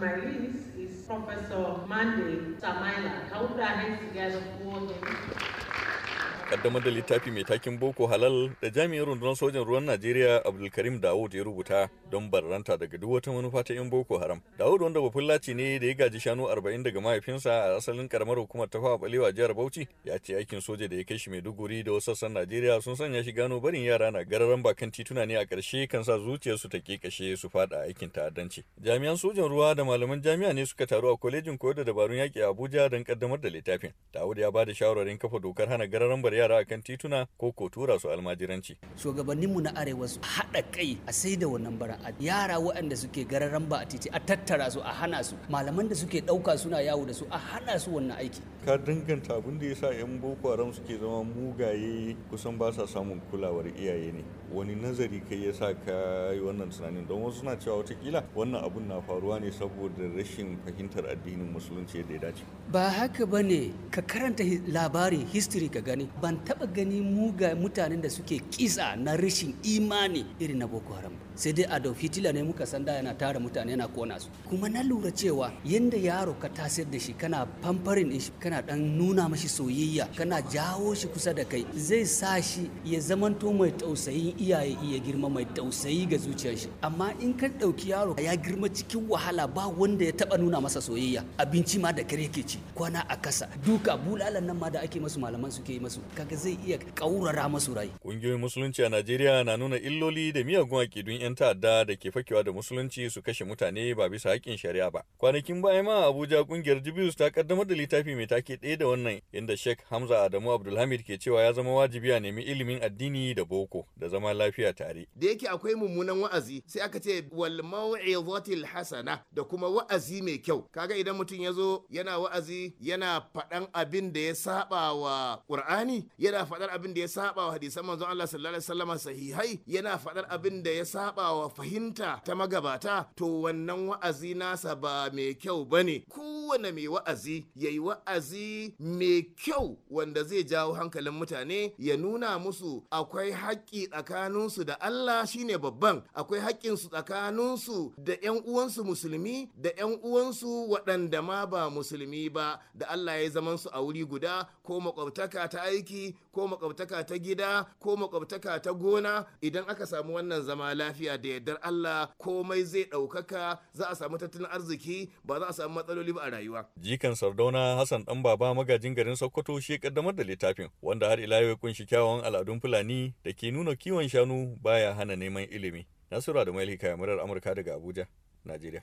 my list is Professor Mande Tamila. How do I I together for him. kaddamar da littafi mai takin boko halal da jami'in rundunar sojan ruwan najeriya abdulkarim dawud ya rubuta don barranta daga duk wata manufa ta yan boko haram dawud wanda bafullaci ne da ya gaji shanu arba'in daga mahaifinsa a asalin karamar hukumar ta fawa balewa jihar bauchi ya ce aikin soja da ya kai shi mai duguri da wasu sassan najeriya sun sanya shi gano barin yara na gararan bakan tituna ne a karshe kan sa zuciyarsu ta ke kashe su fada aikin ta'addanci jami'an sojan ruwa da malaman jami'a ne suka taru a kwalejin koyar da dabarun yaƙi abuja don kaddamar da littafin dawud ya ba da shawarwarin kafa dokar hana gararan bare yara kan tituna ko ko tura su almajiranci shugabanninmu na arewa su haɗa kai a sai da wannan bara yara waɗanda suke gararan ba a titi a tattara su a hana su malaman da suke ɗauka suna yawo da su a hana su wannan aiki ka danganta abin da yasa yan boko haram suke zama mugaye kusan ba sa samun kulawar iyaye ne wani nazari kai yasa ka yi wannan tunanin don wasu suna cewa watakila wannan abun na faruwa ne saboda rashin fahimtar addinin musulunci yadda ya dace ba haka bane ka karanta labarin history ka gani ban taɓa gani muga mutanen da suke kisa na rashin imani irin na boko haram sai dai a adolf hitler ne muka san yana tara mutane yana kona su kuma na lura cewa yadda yaro ka tasir da shi kana pamperin din shi kana dan nuna mashi soyayya kana jawo shi kusa da kai zai sa shi ya zamanto mai tausayin iyaye iya girma mai tausayi ga zuciyar shi amma in ka ɗauki yaro ya girma cikin wahala ba wanda ya taɓa nuna masa soyayya abinci ma da kare ke ci kwana a kasa duka bulalan nan ma da ake masu malaman suke yi masu kaga zai iya kaurara masu rai kungiyoyin musulunci a Najeriya na nuna illoli da miyagun akidun yan ta'adda da ke fakewa da musulunci su kashe mutane ba bisa haƙƙin shari'a ba kwanakin baya ma Abuja kungiyar Jibius ta kaddamar da littafi mai take ɗaya da wannan inda Sheikh Hamza Adamu Abdulhamid ke cewa ya zama wajibi a nemi ilimin addini da boko da zama lafiya tare da yake akwai mummunan wa'azi sai aka ce wal maw'izatil hasana da kuma wa'azi mai kyau kaga idan mutum ya zo yana wa'azi yana faɗan abin da ya saba wa qur'ani. yana faɗar abin da ya saba wa hadisan manzo Allah sallallahu alaihi wasallam sahihai yana faɗar abin da ya saba wa fahimta ta magabata to wannan wa'azi nasa ba mai kyau bane ko kowane mai wa'azi ya yi wa'azi mai kyau wanda zai jawo hankalin mutane ya nuna musu akwai haƙƙi tsakaninsu da Allah shine babban akwai haƙƙinsu tsakaninsu da 'yan uwansu musulmi da 'yan uwansu waɗanda ma ba musulmi ba da Allah ya zaman su a wuri guda ko makwabtaka ta aiki ko makwabtaka ta gida ko makwabtaka ta gona idan aka samu wannan zama lafiya da yardar Allah komai zai ɗaukaka za a samu tattalin arziki ba za a samu matsaloli ba rayuwa. Jikan Sardauna Hassan Dan Baba magajin garin Sokoto shi kaddamar da littafin wanda har ila ya kunshi kyawawan al'adun Fulani da ke nuna kiwon shanu baya hana neman ilimi. Nasura da Mailika Yamurar Amurka daga Abuja, Najeriya.